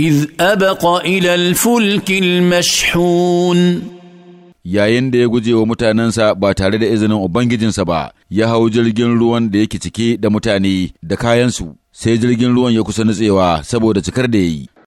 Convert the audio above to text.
إذ أبق إلى الفلك المشحون yayin da ya guje wa mutanensa ba tare da izinin Ubangijinsa ba, ya hau jirgin ruwan da yake cike da mutane da kayansu, sai jirgin ruwan ya kusa nutsewa saboda cikar da ya yi.